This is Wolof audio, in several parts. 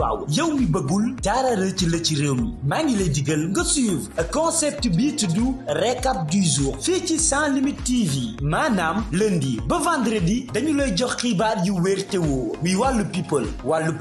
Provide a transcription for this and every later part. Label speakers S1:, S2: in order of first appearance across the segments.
S1: waaw waaw mi bëggul dara rëcc la ci réew mi maa ngi lay digal nga suivre concept bii tudd récap du jour fii ci sans limite TV maanaam lundi ba vendredi dañu lay jox xibaar yu wér te woo muy wàll people wàllu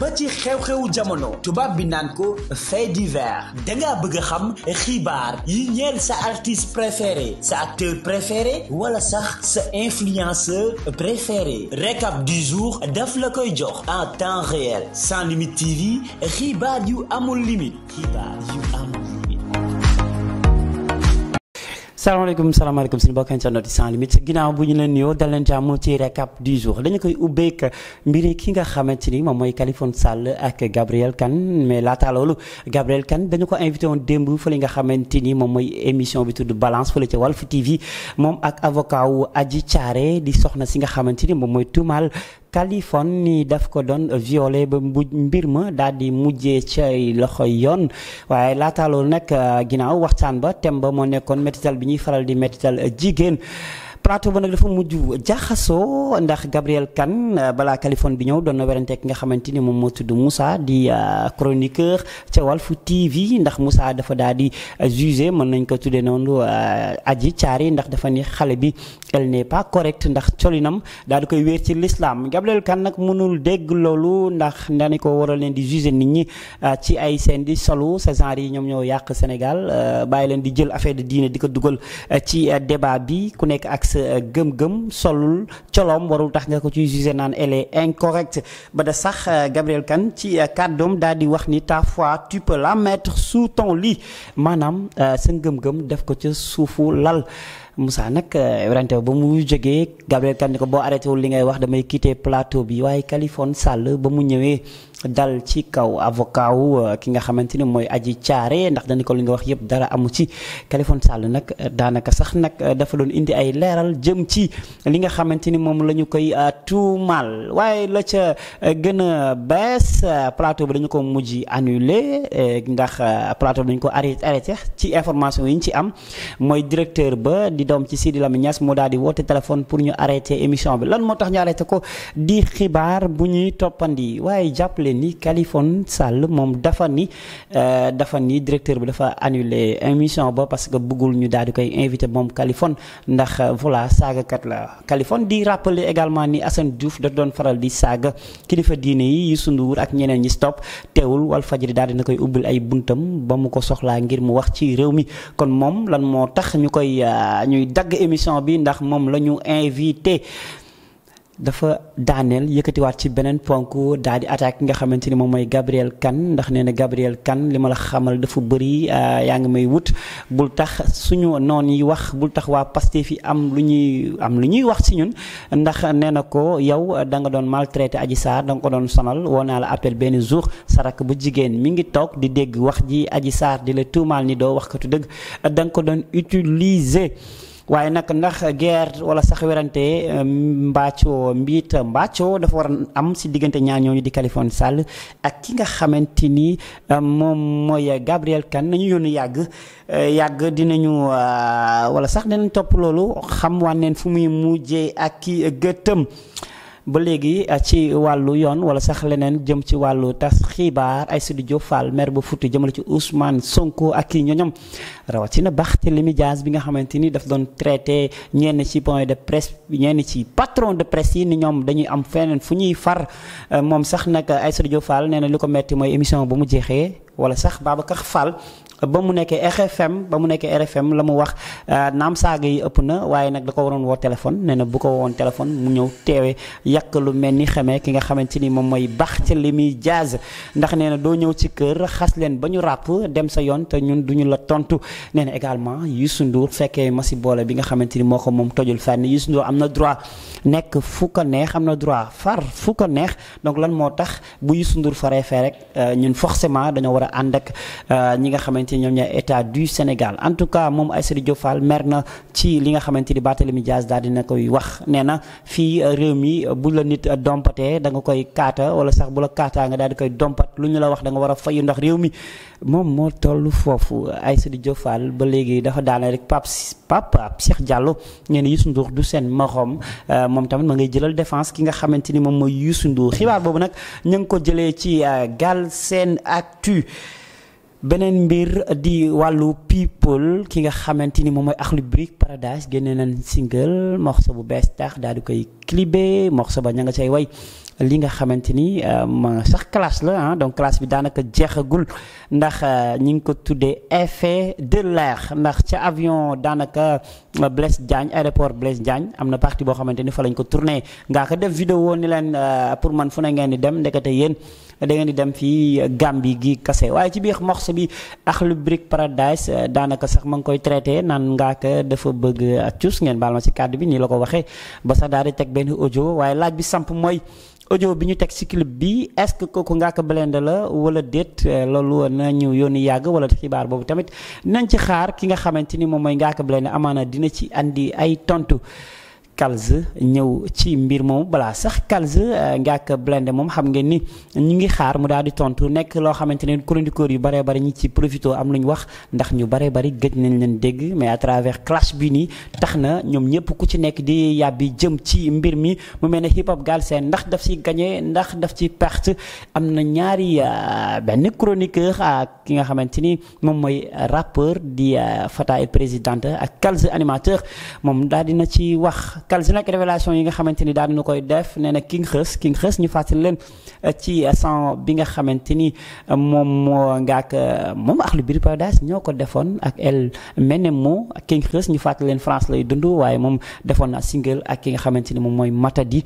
S1: ba ci xew-xewu jamono tubaab bi naan ko fait divers danga bëgg a xam xibaar yi ñeel sa artiste préféré sa acteur préféré wala sax sa influenceur préféré récap du jour def la koy jox en temps réel sans limite TV xibaar yu amul limite xibaar yu amul
S2: salaamaaleykum bu ñu leen nuyoo dal leen jàmm ci récap du jour dañu koy ubbeek mbiri ki nga xamante ni moom mooy Khaliphone Sall ak Gabriel Kane mais laata loolu Gabriel Kane dañu ko invité woon démb fële nga xamante ni moom mooy émission bi tudd balance fële ca Walf TV moom ak avocat wu Adji Thiaré di soxna si nga xamante ni moom mooy tuumaal Californie daf ko doon violé ba mbuj mbir ma daal di mujjee cay loxo yoon waaye laata loolu nag euh, ginnaaw waxtaan ba tem ba moo nekkoon métital bi ñuy faral di métital euh, jigéen plateau ba nag dafa mujj jaxasoo ndax Gabriel Kane euh, balaa Californie bi ñëw doon na werante ki nga xamante ni moom moo tudd Moussa di euh, chroniqueur ca Walf TV ndax Moussa dafa daal di euh, jugé mën nañ ko tuddee noonu aji caar yi ndax dafa ni xale bi elle n'est pas correct ndax colinam daal di koy wéer ci l'islam Gabriel kan nag mënul dégg loolu ndax dañu ko waral leen di jugé nit ñi ci ay seen di solo sa genre yi ñoom ñoo yàq Sénégal bàyyi leen di jël affaire de diine di ko dugal ci débat bi ku nekk ak Eh, gëm-gëm solul colom warul tax nga ko ci jugé naan elle est incorrecte ba de sax eh, Gabriel Kane ci eh, kàddoom daal di wax ni ta foi tu peux la mettre sous ton lit maanaam sa gëm gëm def ko ca suufu lal Moussa nag werante eh, ba mu jógee Gabriel Kane ko boo arrêté wul li ngay wax damay quitté plateau bi waaye Kaliphone Sall ba mu ñëwee dal ci kaw avocat wu eh, ki nga xamante ni mooy aji caare ndax dañu ko li nga wax yëpp dara amu ci Kaliphone Sall nag daanaka sax nag dafa doon indi ay leeral jëm ci li nga xamante ni moom lañu koy tout eh, tuumaal waaye la ca gën a bees plateau bi dañu ko mujj annulé ndax plateau bi ko arrêté ci information yi ñu ci am mooy directeur ba doom ci Sidi Lamine Niass moo daal di woote téléphone pour ñu arrêté émission bi lan moo tax ñu arrêté ko di xibaar bu ñuy toppandi waaye jàppale ni Kaliphone Sall moom dafa ni euh, dafa ni directeur bi dafa annulé émission ba parce que bëggul ñu daal di koy invité moom kalifon ndax euh, voilà saagakat la Kaliphone di rappeler également ni Assane Diouf da doon faral di saaga kilifa diine yi Youssou Ndour ak ñeneen ñi stop teewul Walfadjri daal dina koy ubbil ay buntam ba mu ko soxlaa ngir mu wax ci réew mi ñuy dagg émission bi ndax moom la ñu invité dafa daaneel yëkkatiwaat ci beneen ponk daal di attaque nga xamante ni moom mooy Gabriel kan ndax nee na Gabriel kan li ma la xamal dafa bëri euh, yaa ngi may wut bul tax suñu noon yi wax bul tax waa Pastef fii am lu ñuy am lu ñuy wax si ñun ndax nee na ko yow da nga doon maltraité Adji Sarr da nga ko doon sonal woo naa la appel benn jour sa bu jigéen mi ngi toog di dégg wax ji aji Sarr di la tuumaal ni doo wax katu dëgg da nga ko doon utiliser waaye nag ndax guerre wala sax werante euh, mbàccoo mbiit mbàccoo dafa war am si diggante ñaar ñooñu di Khalifa Sall ak ki nga xamante ni euh, moom mooy Gabriel Kane nañu yónni yàgg euh, yàgg dinañu wala sax dinañ topp loolu xam wànneen fu muy mujjee ak ki gëtëm ba léegi eh, ci wàllu yoon wala sax leneen jëm ci wàllu tas xibaar Aïssatou Diop Fall maire ba Fouta jëmale ci Ousmane Sonko ak i ñoñom rawatina Barthélémy Dias bi nga xamante ni daf doon traité ñenn ci point de presse ñenn ci patron de presse yi ni ñoom dañuy am feneen fu ñuy far eh, moom sax nag ay Diop Fall nee na li ko metti mooy émission ba mu jeexee wala sax Babacar Fall ba mu nekkee RFM ba mu nekkee RFM la mu wax euh, naam saaga yi ëpp na waaye nag da ko waroon woo téléphone nee na bu ko woon téléphone mu ñëw teewee yàq lu mel ni xamee ki nga xamante ni moom mooy Barthélémy Diaz ndax nee na doo ñëw ci kër xas leen ba ñu ràpp dem sa yoon te ñun duñu la tontu nee na également Youssou Ndour fekkee ma si boole bi nga xamante ni moo ko moom tojul fenn Youssou Ndour am na droit nekk fu ko neex am na droit far fu neex donc lan moo tax bu Youssou Ndour faree rek euh, ñun forcément dañoo war a ànd ak euh, ñi nga xamante ni ñoom ñooy état du Sénégal en tout cas moom Aïssatou Diop Fall mer na ci li nga xamante ni Barthélémy Dias daal dina koy wax nee fii euh, réew mi euh, bu la nit euh, dompatee danga koy kaata wala sax bu la kaataa nga daal di koy dompat lu ñu la wax danga nga war a fayu ndax réew mi moom moo toll foofu Aïssatou Diop Fall ba léegi dafa daane rek Pape Pape Cheikh Diallo nee na Youssou Ndour du seen morom moom tamit ma ngay jëlal défense ki nga xamante ni moom mooy Youssou Ndour xibaar boobu nag ñu ngi ko jëlee ci Galsen beneen mbir di wàllu people ki nga xamante ni moom mooy Akhlou Brick Paradise génne nañ single morceau bu bees tax daal di koy clipé morceau ba ña nga say way li nga xamante ni euh, sax classe la ah donc classe bi daanaka jeexagul ndax euh, ñi ngi ko tuddee effet de l'air ndax ca avion daanaka euh, Blaise Diagne aéroport Blaise Diagne am na partie boo xamante ni fa lañ ko tournée ngaa ko def vidéo ni leen pour man fu ne ngeen di dem ndekete yéen da ngeen di dem fii Gambie gi kase waaye ci biir morceau bi Akhlou Brick Paradise daanaka sax ma ngi koy traité naan ngaa ko dafa bëgg a cus ngeen baal ma si kàddu bi nii la ko waxee ba sax daal teg benn audio waaye laaj bi samp mooy audio bi ñu teg ci clip bi est-ce que kooku Ngaaka Blindé la wala déet euh, loolu nañu yooni yàgg wala xibaar boobu tamit nañ ci xaar ki nga xamante ni moom mooy Ngaaka Blindé amaana dina ci andi ay tontu. Kalz ñëw ci mbir moomu balaa sax Kalz euh, Ngaaka Blindé moom ñu ngi xaar mu daal di tontu nekk loo xamante ne chroniqueur yu baree bari ñi ci profito am lu ñu wax ndax ñu baree bari gëj nañ leen dégg mais à travers clash bi nii tax na ñoom ñëpp ku ci nekk di yàbbi jëm ci mbir mi mu mel ne hip hop Galsen ndax daf ci gagné ndax daf ci perte am na ñaari euh, benn chroniqueur ak ki nga xamante ni moom mooy rappeur di euh, Fata et présidente ak Kalz animateur moom daal dina ci wax. kal si nag révélation yi nga xamante ni daal dina koy def nee na King Xës King Xës ñu fàttali leen eh, ci son bi nga xamante ni eh, moom moo nga ak eh, moom ak lu biir paradise ñoo ko defoon ak El Menemo ak King Xës ñu fàttali leen France lay dund waaye moom defoon naa single ak ki nga xamante ni moom mooy Matadi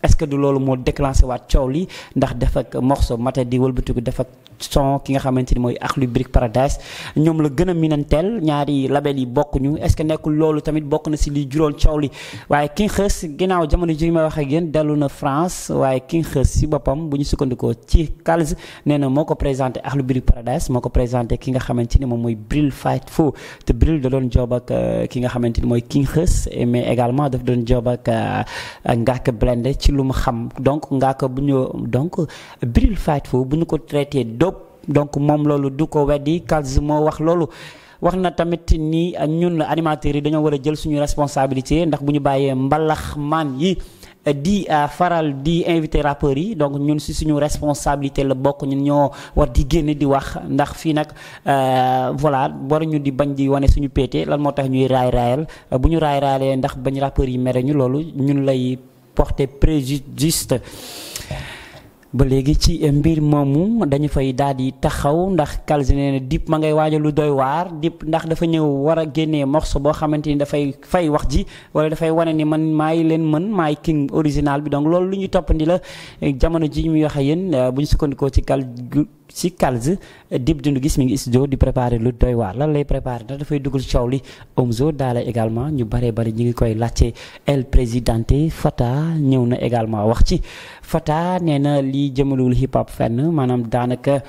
S2: est-ce que du loolu moo déclenché waat coow li ndax def ak morceau Matadi wëlbatiku def ak son ki nga xamante ni mooy Akhlou Brick Paradise ñoom la gën a minanteel ñaari label yi bokkuñu est ce que nekkul loolu tamit bokk na si liy juróon coow li waaye King Xeus ginnaaw jamono ji may wax ak yéen na France waaye King Xeus si boppam bu ñu sukkandikoo ci Calz nee na moo ko présenté Akhlou Brick Paradise moo ko présenté ki nga xamante ni moom mooy Bril Fight Foo te Bril da doon job ak euh, ki nga xamante ni mooy King Xeus mais également daf doon job ak euh, Ngaaka Blindé ci lu ma xam donc Ngaaka bu ñu donc Bril Fight Foo bu ñu donc moom loolu du ko weddi Kals moo wax loolu wax na tamit ni ñun animateurs yi dañoo war a jël suñu responsabilité ndax bu ñu bàyyee mbalax maan yi di euh, faral di invité rappeurs yi donc ñun si suñu responsabilité la bokk ñun ñoo war di génn di wax ndax fii nag euh, voilà waruñu di bañ di wane suñu péete lan moo tax ñuy raay raayal bu ñu raay raayalee ndax bañ rappeurs yi mere ñu loolu ñun lay porter préjudice ba léegi ci mbir moomu dañu fay daal di taxaw ndax Kalz nee na ma ngay waaja lu doy waar Dip ndax dafa ñëw war a génnee morceau boo xamante ni dafay fay wax ji wala dafay wane ni man maay leen mën maay king original bi donc loolu lu ñu toppandi la jamono ji ñuy wax ak yéen bu ñu sukkandikoo ci Kalz si Calze Dip Doundou Guiss mi ngi studio di préparer lu doy waar lan lay préparer ndax dafay dugal coow li Omzo Dollar également ñu bare bari ñu ngi koy laajte El Presidente Fata ñëw na également wax ci Fata nee na lii jëmalul hip hop fenn maanaam daanaka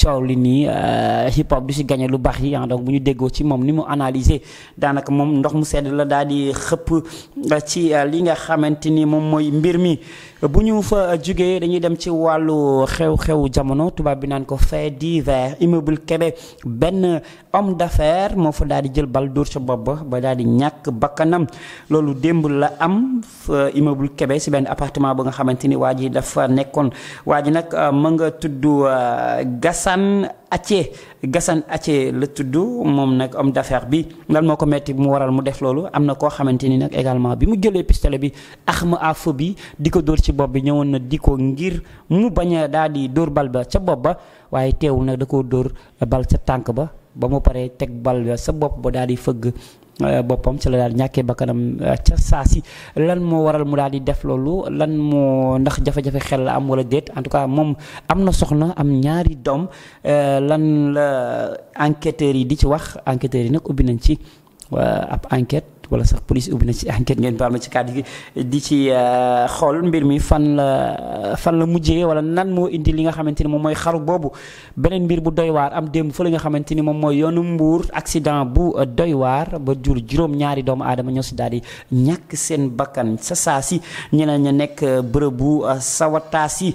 S2: coow li nii euh, hip hop du si gagné lu baax yi ah donc bu ñu déggoo ci moom ni mu analyser daanaka moom ndox mu sedd la daal di xëpp euh, ci euh, li nga xamante ni moom mooy mbir mi bu ñu fa jugee dañuy dem ci wàllu xew ko fait divers immeuble Kébé benn homme d'affaires moo fa daal di jël bal dóor sa bopp ba daal di ñàkk bakkanam loolu démb la am immeuble kebe si benn appartement ba nga xamante ni waa ji dafa nekkoon waa ji nag mu nga tudd euh, Gassane Athie Gassane Athie la tudd moom nag om d'affaires bi lan moo ko metti mu waral mu def loolu am na koo xamante ni nag également bi mu jëlee pistolet bi axma à feu bi di ko dóor ci bopp bi ñëwoon na di ko ngir mu bañ a daal di dóor bal ba ca bopp ba waaye teewu nag da koo dóor bal ca tànk ba ba mu paree teg bal ba sa bopp ba daal di fëgg Euh, boppam ca la daal ñàkkee bakkanam euh, ca saa si lan moo waral mu daal di def loolu lan moo ndax jafe-jafe xel la am wala déet en tout cas moom am na soxna am ñaari doom euh, lan la enquêteurs yi di ci wax enquêteurs yi nag ubbi nañ ci ab enquête. wala sax police ubbi na ci enquête ngeen baal ma ci kàddu gi di ci euh, xool mbir mi fan la fan la mujje wala nan moo indi li nga xamante ni moom mooy xaru boobu beneen mbir bu doy waar am démb fa li nga xamante ni moom mooy yoonu mbuur accident bu euh, doy ba jur juróom-ñaari doomu aadama ñoo si daal ñàkk seen bakkan sa saa si ñeneen ña nekk euh, bu sawataas yi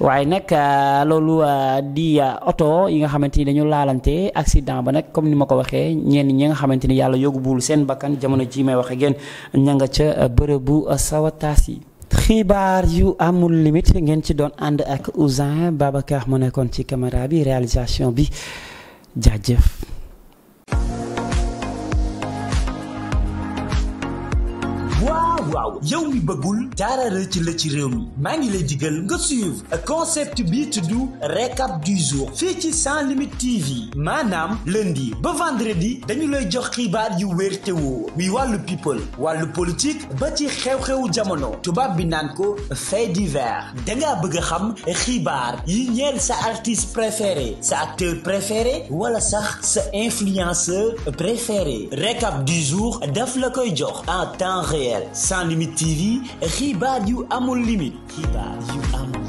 S2: waaye nag euh, loolu euh, di euh, oto yi nga xamante ni dañu laalante accident ba nag comme ni ma ko waxee ñenn ñi nga xamante ni yàlla bul seen bakkan jamono ji may wax ngeen yéen ña nga ca bërëbu sawataas yi. xibaar yu amul limite ngeen ci doon ànd ak Ouzin Babacar mu nekkoon ci caméra bi réalisation bi jaajëf.
S1: waaw waaw mi bëggul dara rëcc la ci réew mi maa ngi lay digal nga suivre concept bii tudd récap du jour fii ci sans limite TV maanaam lundi ba vendredi dañu lay jox xibaar yu wér te woo muy wàllu people wàllu ba ci xew-xewu jamono tubaab bi naan ko fait divers danga bëgg a xam xibaar yi ñeel sa artiste préféré sa acteur préféré wala sax sa influenceur préféré récap du jour def la koy jox en temps réel sans limite TV xibaar yu amul limite xibaar yu amul.